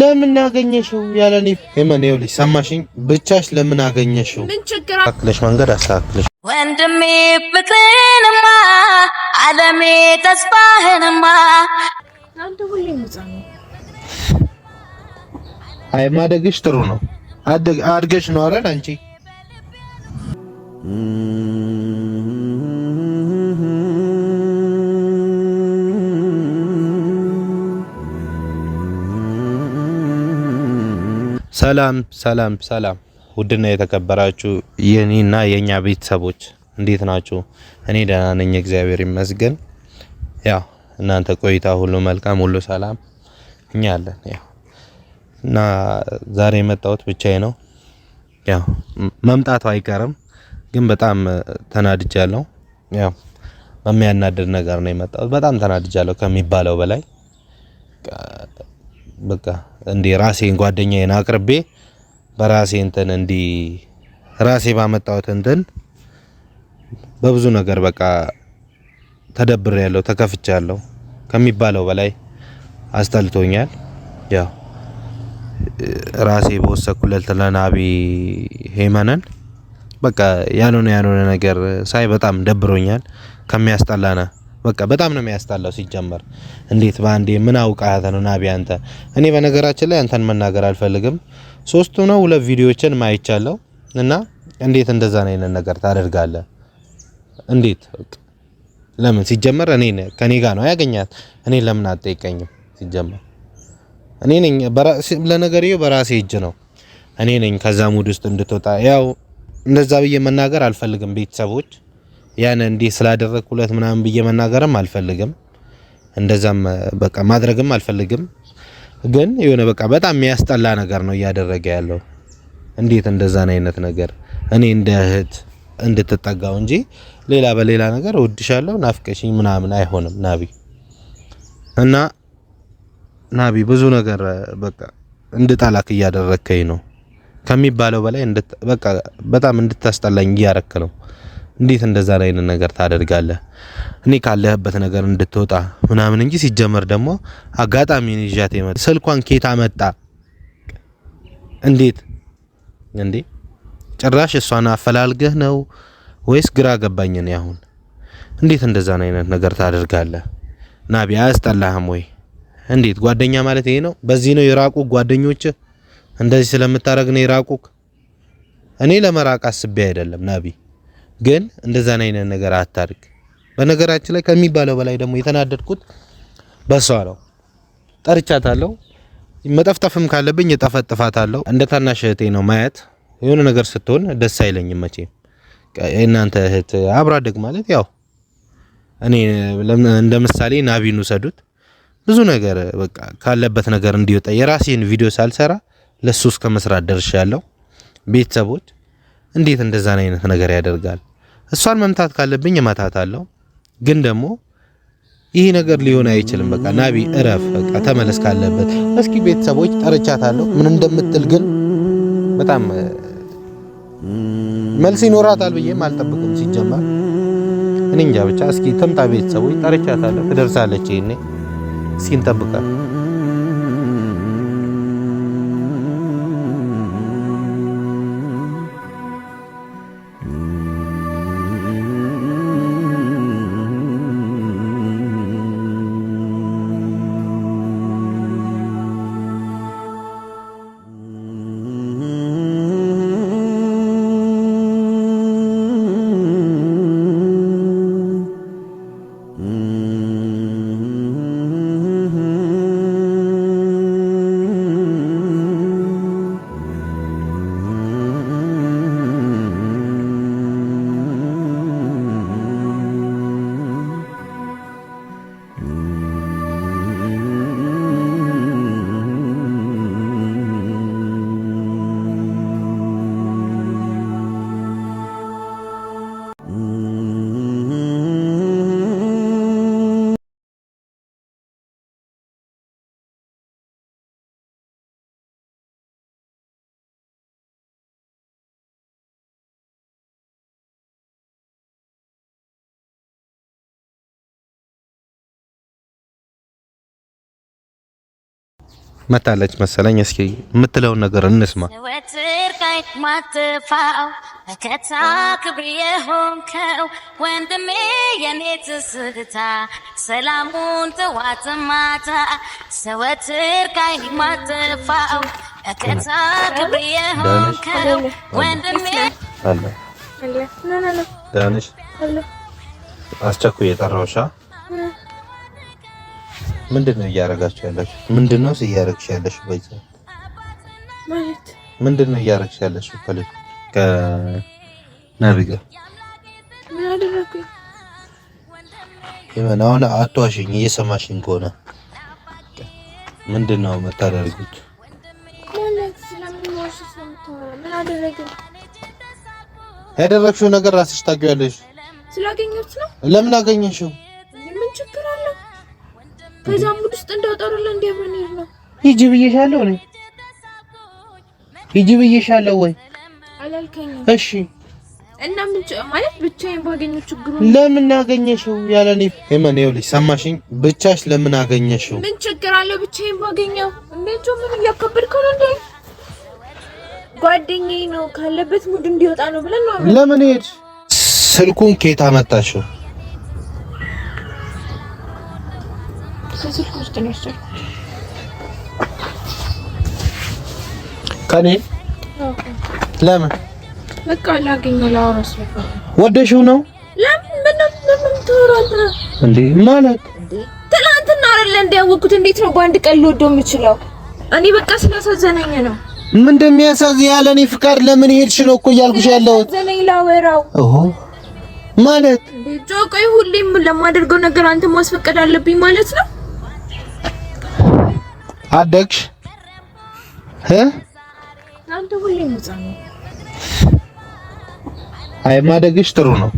ለምን አገኘሽው? ያለ እኔ ሄመን ይኸውልሽ፣ ሰማሽኝ? ብቻሽ ለምን አገኘሽው? አክለሽ መንገድ አስተካክለሽ ወንድሜ፣ ፍቅርህንማ ዓለሜ፣ ተስፋህንማ አይ ማደግሽ ጥሩ ነው። አድገሽ ነው አይደል አንቺ ሰላም ሰላም ሰላም፣ ውድና የተከበራችሁ የኔና የኛ ቤተሰቦች እንዴት ናችሁ? እኔ ደህና ነኝ፣ እግዚአብሔር ይመስገን። ያው እናንተ ቆይታ ሁሉ መልካም፣ ሁሉ ሰላም፣ እኛ አለን። ያው እና ዛሬ የመጣሁት ብቻዬ ነው። ያው መምጣቱ አይቀርም ግን በጣም ተናድጃለሁ። ያው በሚያናድድ ነገር ነው የመጣሁት። በጣም ተናድጃለሁ ከሚባለው በላይ በቃ እንዲ ራሴን ጓደኛዬን አቅርቤ በራሴ እንትን እንዲ ራሴ ባመጣሁት እንትን በብዙ ነገር በቃ ተደብሬ ያለው ተከፍቻለሁ ከሚባለው በላይ አስጠልቶኛል። ያው ራሴ በወሰኩለት ለናቢ ሄመነን በቃ ያልሆነ ያልሆነ ነገር ሳይ በጣም ደብሮኛል። ከሚያስጠላና በቃ በጣም ነው የሚያስታላው ሲጀመር እንዴት በአንዴ ምን አውቃተ ነው ናቢ አንተ። እኔ በነገራችን ላይ አንተን መናገር አልፈልግም። ሶስቱ ነው ሁለት ቪዲዮዎችን ማይቻለው እና እንዴት እንደዛ ነው አይነት ነገር ታደርጋለህ? እንዴት ለምን ሲጀመር እኔ ከኔ ጋር ነው ያገኛት። እኔ ለምን አትጠይቀኝም? ሲጀመር እኔ ነኝ በራሴ ለነገርየው በራሴ እጅ ነው። እኔ ነኝ ከዛ ሙድ ውስጥ እንድትወጣ ያው እንደዛ ብዬ መናገር አልፈልግም ቤተሰቦች ያን እንዲህ ስላደረግኩለት ምናምን ብዬ መናገርም አልፈልግም። እንደዛም በቃ ማድረግም አልፈልግም። ግን የሆነ በቃ በጣም የሚያስጠላ ነገር ነው እያደረገ ያለው። እንዴት እንደዛን አይነት ነገር እኔ እንደ እህት እንድትጠጋው እንጂ ሌላ በሌላ ነገር እወድሻለሁ፣ ናፍቀሽኝ ምናምን አይሆንም። ናቢ እና ናቢ ብዙ ነገር በቃ እንድጠላክ እያደረከኝ ነው ከሚባለው በላይ በቃ በጣም እንድታስጠላኝ እያረክ ነው። እንዴት እንደዛ አይነት ነገር ታደርጋለህ? እኔ ካለህበት ነገር እንድትወጣ ምናምን እንጂ ሲጀመር ደግሞ አጋጣሚ ይዣት የመጣ ስልኳን ኬታ መጣ እንዴት እንዴ ጭራሽ እሷን አፈላልገህ ነው ወይስ ግራ ገባኝ ነው አሁን እንዴት እንደዛ አይነት ነገር ታደርጋለህ ናቢ አያስጠላህም ወይ እንዴት ጓደኛ ማለት ይሄ ነው በዚህ ነው የራቁ ጓደኞች እንደዚህ ስለምታረግ ነው የራቁክ እኔ ለመራቅ አስቤ አይደለም ናቢ ግን እንደዛን አይነት ነገር አታርግ በነገራችን ላይ ከሚባለው በላይ ደግሞ የተናደድኩት በሷ ነው። ጠርቻታለሁ። መጠፍጠፍም ካለብኝ እጠፈጥፋታለሁ። እንደ ታናሽ እህቴ ነው ማየት። የሆነ ነገር ስትሆን ደስ አይለኝም መቼም። እናንተ እህት አብራደግ አደግ ማለት ያው እኔ እንደ ምሳሌ ናቢን ውሰዱት። ብዙ ነገር በቃ ካለበት ነገር እንዲወጣ የራሴን ቪዲዮ ሳልሰራ ለሱ እስከ መስራት ደርሻለሁ። ቤተሰቦች እንዴት እንደዛን አይነት ነገር ያደርጋል? እሷን መምታት ካለብኝ እመታታለሁ። ግን ደግሞ ይህ ነገር ሊሆን አይችልም። በቃ ናቢ እረፍ፣ በቃ ተመለስ ካለበት። እስኪ ቤተሰቦች ጠርቻታለሁ፣ ምን እንደምትል ግን በጣም መልስ ይኖራታል ብዬም አልጠብቅም። ሲጀመር እኔ እንጃ ብቻ። እስኪ ትምጣ ቤተሰቦች፣ ጠርቻታለሁ፣ ትደርሳለች። ይሄኔ እስኪ እንጠብቃለን። መታለች መሰለኝ። እስኪ የምትለውን ነገር እንስማ። ዘወትር ከይት ማትፋው መከታ ክብር የሆንከው ወንድሜ የኔ ትስታ ሰላሙን ጥዋት ማታ ዘወትር ማትፋው መከታ ክብር የሆንከው ወንድሜ ዳንሽ አስቸኩ የጠራውሻ ምንድን ነው እያደረጋችሁ ያለሽ? ምንድን ነው እያደረግሽ ያለሽ? በዛ ማለት ምንድን ነው እያደረግሽ ያለሽ? ከልጅ ከነቢ ጋር ምን አደረኩ? ይሄ አሁን አትዋሽኝ። እየሰማሽኝ ከሆነ ምንድን ነው የምታደርጉት? ያደረግሽው ነገር ራስሽ ታውቂያለሽ። ስላገኘሁት ነው። ለምን አገኘሽው? ከዛ ሙድ ውስጥ እንዳወጣሩላ እንዲያምን ነው። ሂጂ ብዬሻለሁ ሂጂ ብዬሻለሁ ወይ አላልከኝም? እሺ እና ምን ማለት ብቻዬን ባገኘው ችግሩ ለምን አገኘሽው? ያለ እኔ ሄመን ይኸውልሽ፣ ሰማሽኝ? ብቻሽ ለምን አገኘሽው? ምን ችግር አለው ብቻዬን ባገኘው? ምን እያከበድከው ነው እንዴ? ጓደኛዬ ነው ካለበት ሙድ እንዲወጣ ነው ብለን ነው። ለምን ሄድ ስልኩን ከየት አመጣሽው? ነው የወሰድኩት ከኔ ለምን በቃ ላገኘው ላወራው ስለፈለኩ ወደሽው ነው ለምን ምንም ምንም ትወራለህ እንዴ ማለት ትናንትና አይደለ እንዲያወቅኩት እንዴት ነው በአንድ ቀን ልወደው የምችለው እኔ በቃ ስላሳዘነኝ ነው ምን እንደሚያሳዝን ያለ እኔ ፍቃድ ለምን ሄድሽ ነው እኮ እያልኩሽ ያለሁት ዘነኝ ላወራው እሆ ማለት ጆቆይ ሁሌም ለማደርገው ነገር አንተ ማስፈቀድ አለብኝ ማለት ነው አደግሽ እ አይ ማደግሽ ጥሩ ነው።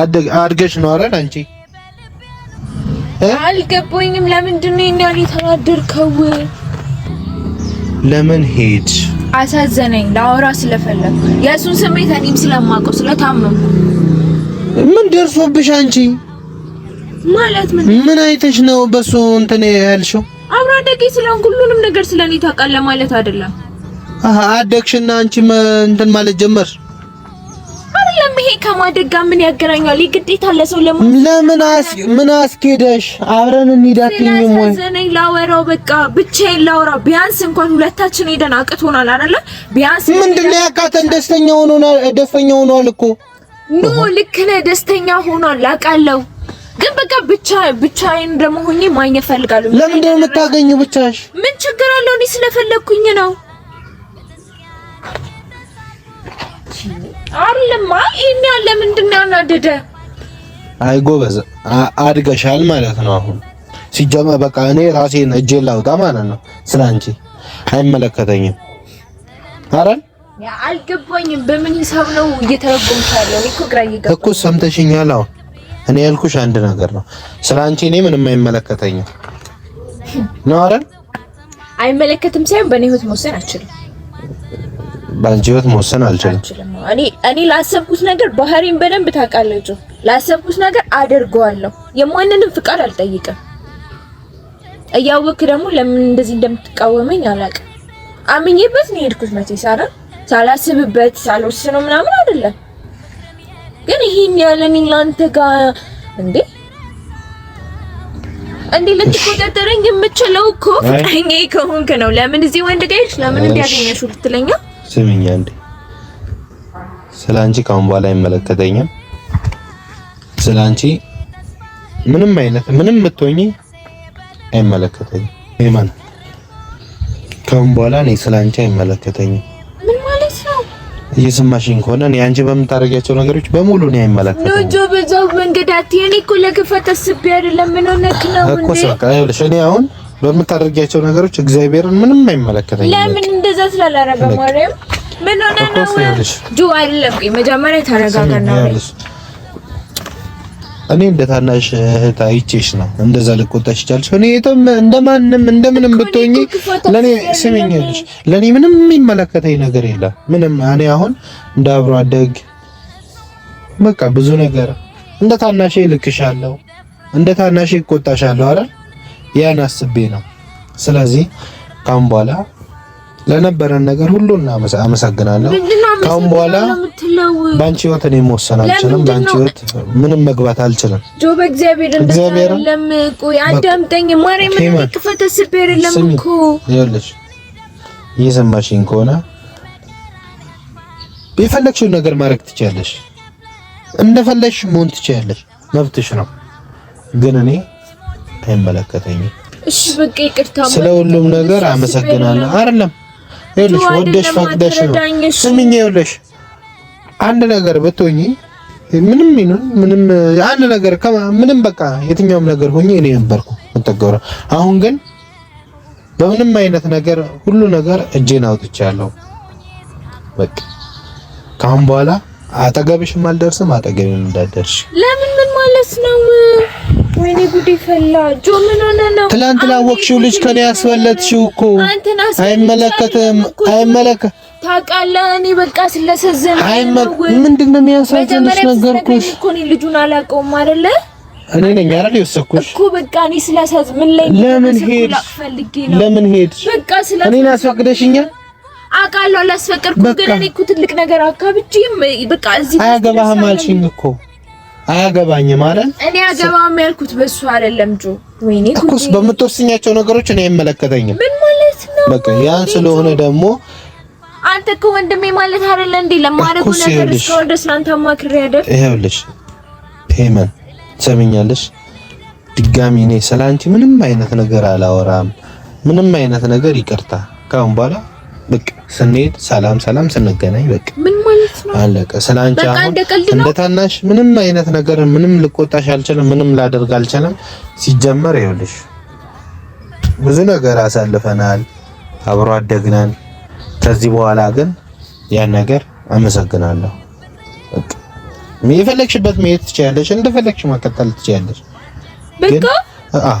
አደግ አድገሽ ነው አይደል አንቺ? አልገባኝም። ለምንድን ነው እንዳል የተናደርከው? ለምን ሄድ አሳዘነኝ። ለአውራ ስለፈለግ የእሱን ስሜት እኔም ስለማውቀው ስለታመምኩ። ምን ደርሶብሽ አንቺ? ማለት ምን ምን አይተሽ ነው በሱ እንትን ያልሽው? አዋቂ ስለሆንክ ሁሉንም ነገር ስለኔ ታውቃለህ ማለት አይደለም። አሃ አደግሽና አንቺ እንትን ማለት ጀመር አይደለም። ይሄ ከማደግ ጋር ምን ያገናኛል? የግዴታ ለሰው ለምን ለምን አስ ምን አስኬደሽ አብረን እንሂዳትኝም ወይ ስለዚህ ላወራው በቃ ብቻዬን ላወራ ቢያንስ እንኳን ሁለታችን ሄደን አቅቶናል አይደለ? ቢያንስ ምንድነው ነው ያቃተን? ደስተኛ ሆኖ ደስተኛ ሆኗል እኮ ኖ ልክ ነህ። ደስተኛ ሆኗል አውቃለሁ ግን በቃ ብቻ ብቻዬን ደግሞ ሆኜ ማግኘት ፈልጋለሁ። ለምንድን ነው የምታገኘው ብቻሽ? ምን ችግር አለው? እኔ ስለፈለግኩኝ ነው። አለማ ይሄን ያለ ምንድን ነው ያናደደ? አይ ጎበዝ አድገሻል ማለት ነው። አሁን ሲጀመር በቃ እኔ ራሴን እጄን ላውጣ ማለት ነው። ስላንቺ አይመለከተኝም። አረ አልገባኝም። በምን ሂሳብ ነው እየተረጎምሻለሁ? እኮ ግራ እየገባኝ እኮ ሰምተሽኛል አሁን እኔ ያልኩሽ አንድ ነገር ነው። ስለ አንቺ እኔ ምንም አይመለከተኝም ነው አይደል? አይመለከትም ሳይሆን በእኔ ህይወት መወሰን አልችልም። በአንቺ ህይወት መወሰን አልችልም። እኔ እኔ ላሰብኩት ነገር ባህሪን በደንብ ታውቃለች። ላሰብኩት ነገር አደርገዋለሁ። የማንንም ፍቃድ አልጠይቅም። እያወክ ደግሞ ለምን እንደዚህ እንደምትቃወመኝ አላውቅም። አምኜበት ነው የሄድኩት መቼ ሳላስብበት ሳልወስነው ምናምን አይደለም ግን ይሄን ያህል ላንተ ጋር እንዴ እንዴ ልትቆጣጠረኝ የምችለው እኮ ፍቅረኛዬ ከሆንክ ነው። ለምን እዚህ ወንድ ጋር ሄድሽ? ለምን እንዲያገኘሽው ብትለኛ ስሚኝ፣ እንዴ ስለ አንቺ ካሁን በኋላ አይመለከተኝም። ስለ አንቺ ምንም አይነት ምንም የምትሆኚ አይመለከተኝም። ይማን ካሁን በኋላ እኔ ስለ አንቺ አይመለከተኝም። እየሰማሽኝ ከሆነ እኔ አንቺ በምታደርጊያቸው ነገሮች በሙሉ ነው አይመለከተኝ። ጆጆ በዛው መንገድ አትየኔ እኮ ለክፋት አስቤ አይደለም። ምን ሆነክ ነው እንዴ? እኮ ሰካ ይኸውልሽ፣ እኔ አሁን በምታደርጊያቸው ነገሮች እግዚአብሔርን ምንም አይመለከተኝ። ለምን እንደዛ ስላላረገ ማርያም ምን ሆነ ነው? ጆ አይደለም። ቆይ መጀመሪያ ተረጋጋና ነው እኔ እንደ ታናሽ እህት አይቼሽ ነው እንደዛ ልቆጣሽ ይቻልሽ። እኔ የትም እንደማንም እንደምንም ብትሆኚ ለኔ ስሚኝልሽ፣ ለኔ ምንም የሚመለከተኝ ነገር የለም። ምንም እኔ አሁን እንደ አብሮ አደግ በቃ ብዙ ነገር እንደ ታናሽ ይልክሻለሁ፣ እንደ ታናሽ ይቆጣሻለሁ አይደል? ያን አስቤ ነው። ስለዚህ ካሁን በኋላ ለነበረን ነገር ሁሉ አመሰግናለሁ። ካሁን በኋላ በአንቺ ህይወት እኔ መወሰን አልችልም። በአንቺ ህይወት ምንም መግባት አልችልም። ጆ በእግዚአብሔር እግዚአብሔር ለምቁ አዳምጠኝ። ማርያም ምን እየሰማሽኝ ከሆነ የፈለግሽውን ነገር ማድረግ ትችያለሽ፣ እንደፈለግሽ መሆን ትችያለሽ፣ መብትሽ ነው። ግን እኔ አይመለከተኝም። እሺ በቃ ይቅርታ። ስለ ሁሉም ነገር አመሰግናለሁ። አይደለም ይኸውልሽ ወደሽ ፈቅደሽ ነው። ስሚኝ፣ ይኸውልሽ አንድ ነገር ብትሆኚ ምንም ይሁን ምንም አንድ ነገር ምንም በቃ የትኛውም ነገር ሆኜ እኔ ነበርኩ ተጠገረ። አሁን ግን በምንም አይነት ነገር ሁሉ ነገር እጄን አውጥቻለሁ። በቃ ከአሁን በኋላ አጠገብሽም አልደርስም፣ አጠገብም እንዳደርሽ ለምን ማለት ነው ወይኔ ጉዴ ፈላ። ጆ ምን ሆነ ነው? ትላንት ላወቅሽው ልጅ ከኔ ያስበለጥሽው እኮ አይመለከትም። አይመለከ ታውቃለህ። እኔ በቃ ስለሰዘነ ምንድን ነው የሚያሳዝንሽ ነገር እኮሽ እኮ ልጁን አላውቀውም አይደለ እኔ ነኝ አይደል የወሰድኩሽ እኮ በቃ እኔ ስላሳዝ ምን ላይ ለምን ሄድ ለምን ሄድ በቃ ስለ እኔ አስፈቅደሽኛል አውቃለሁ አላስፈቀድኩም ግን እኔ እኮ ትልቅ ነገር አካብቼም በቃ እዚህ አያገባህም አልሽኝ እኮ አያገባኝም ማለት እኔ አገባም ያልኩት በሱ አይደለም ጆ። ወይኔ እኮስ በምትወስኛቸው ነገሮች እኔ አይመለከተኝም። ምን ማለት ነው? በቃ ያን ስለሆነ ደግሞ አንተ እኮ ወንድሜ ማለት አይደለ እንዴ? ለማድረግ ነገር እስከሆነ ድረስ አንተ ማክሬ አይደል? ይኸውልሽ ፔመን ትሰሚኛለሽ፣ ድጋሚ እኔ ስላንቺ ምንም አይነት ነገር አላወራም። ምንም አይነት ነገር ይቅርታ ካሁን በኋላ በቃ ስንሄድ ሰላም ሰላም ስንገናኝ በቃ ምን ማለት ነው? አለቀ። ስላንቺ አሁን እንደ ታናሽ ምንም አይነት ነገር ምንም ልቆጣሽ አልችልም፣ ምንም ላደርግ አልችልም። ሲጀመር ይኸውልሽ ብዙ ነገር አሳልፈናል፣ አብሮ አደግነን። ከዚህ በኋላ ግን ያን ነገር አመሰግናለሁ። በቃ የፈለግሽበት መሄድ ትችያለሽ፣ እንደፈለግሽ መቀጠል ትችያለሽ። በቃ አዎ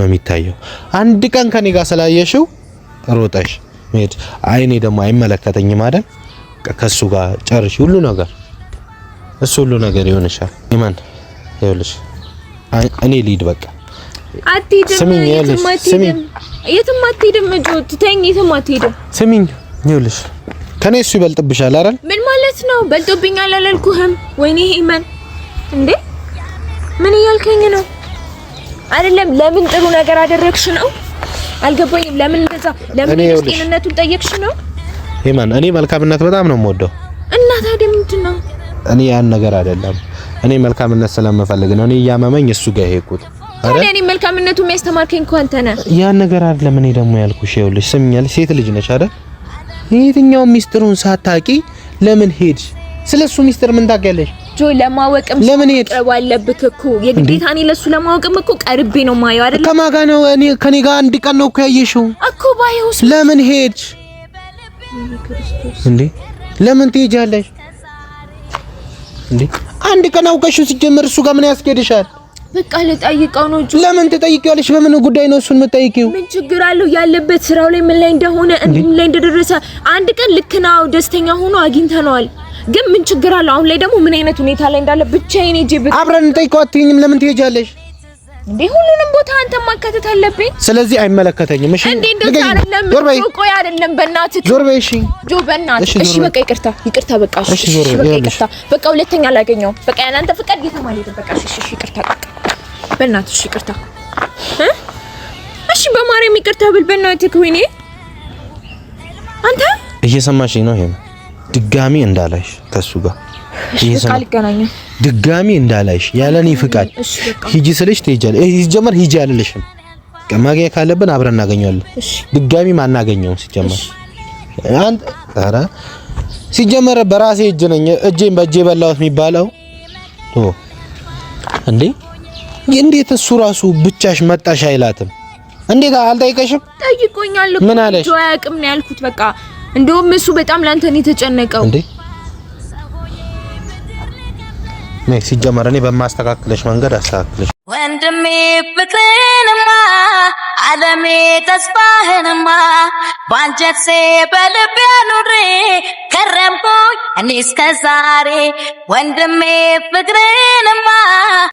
ነው የሚታየው። አንድ ቀን ከኔ ጋር ስላየሽው ሮጠሽ መሄድ አይኔ ደግሞ አይመለከተኝም አይደል? ከሱ ጋር ጨርሽ ሁሉ ነገር እሱ ሁሉ ነገር ይሆንሻል። ኢማን ይኸውልሽ፣ እኔ ልሂድ በቃ አትሄድም። ስሚኝ፣ ስሚኝ፣ የትም አትሄድም። እጆት ተኝ፣ የትም አትሄድም። ስሚኝ፣ ይኸውልሽ፣ ከኔ እሱ ይበልጥብሻል አይደል? ምን ማለት ነው? በልጦብኛል አላልኩህም? ወይኔ ኢማን እንዴ፣ ምን እያልከኝ ነው? አይደለም። ለምን ጥሩ ነገር አደረግሽ ነው አልገባኝም። ለምን እንደዛ ለምን ጤንነቱን ጠየቅሽ ነው ሄማን? እኔ መልካምነት በጣም ነው የምወደው እና ታዲያ ምንድን ነው? እኔ ያን ነገር አይደለም። እኔ መልካምነት ስለምፈልግ ነው እኔ እያመመኝ እሱ ጋር ሄድኩት። ታዲያ እኔ መልካምነቱ የሚያስተማርከኝ እኮ አንተ ነህ። ያን ነገር አይደለም። እኔ ደግሞ ያልኩሽ ይኸውልሽ፣ ስምኛል ሴት ልጅ ነሽ አይደል? የትኛው ሚስጥሩን ሳታቂ ለምን ሄድሽ? ስለሱ ሚስጥር ምን ታውቂያለሽ? ጆይ ለማወቅም ለምን ቀርብ አለብህ እኮ የግዴታ እኔ ለሱ ለማወቅም እኮ ቀርቤ ነው ማየው አይደል? ከማን ጋር ነው? እኔ ከኔ ጋር አንድ ቀን ነው እኮ ያየሽው እኮ ባይሆንስ ለምን ሄድሽ እንዴ? ለምን ትሄጃለሽ እንዴ? አንድ ቀን አውቀሽው ሲጀምር እሱ ጋር ምን ያስኬድሻል? በቃ ልጠይቀው ነው እንጂ ለምን ትጠይቂዋለሽ? በምን ጉዳይ ነው እሱን የምትጠይቂው? ምን ችግር አለው? ያለበት ስራው ላይ ምን ላይ እንደሆነ ምን ላይ እንደደረሰ አንድ ቀን ልክ ነው ደስተኛ ሆኖ አግኝተነዋል። ግን ምን ችግር አለው? አሁን ላይ ደግሞ ምን አይነት ሁኔታ ላይ እንዳለ ብቻዬን ሄጄ አብረን እንጠይቀው አትይኝም? ለምን ትሄጃለሽ? እንዴ ሁሉንም ቦታ አንተ ማካተት አለብኝ። ስለዚህ አይመለከተኝም። እሺ እንዴ እንደዛ አይደለም። ጆ፣ እሺ። በቃ ይቅርታ፣ ይቅርታ። በቃ እሺ፣ ይቅርታ። በቃ ሁለተኛ አላገኘውም። በቃ ያለ ፍቃድ በቃ እሺ፣ እሺ፣ ይቅርታ። በቃ እሺ፣ ይቅርታ። እሺ፣ በማርያም ይቅርታ ብል በእናትህ። ወይኔ አንተ እየሰማሽኝ ነው ይሄ ድጋሚ እንዳላይሽ ከሱ ጋር ድጋሚ እንዳላይሽ ያለኔ ፍቃድ ሂጂ ስልሽ ትሄጃለሽ። ሲጀመር ሂጂ አልልሽም። ማግኘት ካለብን አብረን እናገኘዋለን። ድጋሚ ማናገኘውም። ሲጀመር አንድ ኧረ ሲጀመር በራሴ እጅ ነኝ። እጄን በእጄ በላሁት የሚባለው ኦ እንዴ! እንዴት እሱ ራሱ ብቻሽ መጣሽ አይላትም? እንዴት አልጠይቀሽም? ጠይቆኛል። ምን አለሽ? አያውቅም ነው ያልኩት በቃ እንደውም እሱ በጣም ላንተ ነው የተጨነቀው። እንዴ ነይ ሲጀመር እኔ በማስተካክለሽ መንገድ አስተካክለሽ ወንድሜ ፍቅርህንማ ዓለሜ ተስፋህንማ ባንጀሴ በልቤ ኑሬ ከረምኩኝ እኔ እስከ ዛሬ ወንድሜ ፍቅርህንማ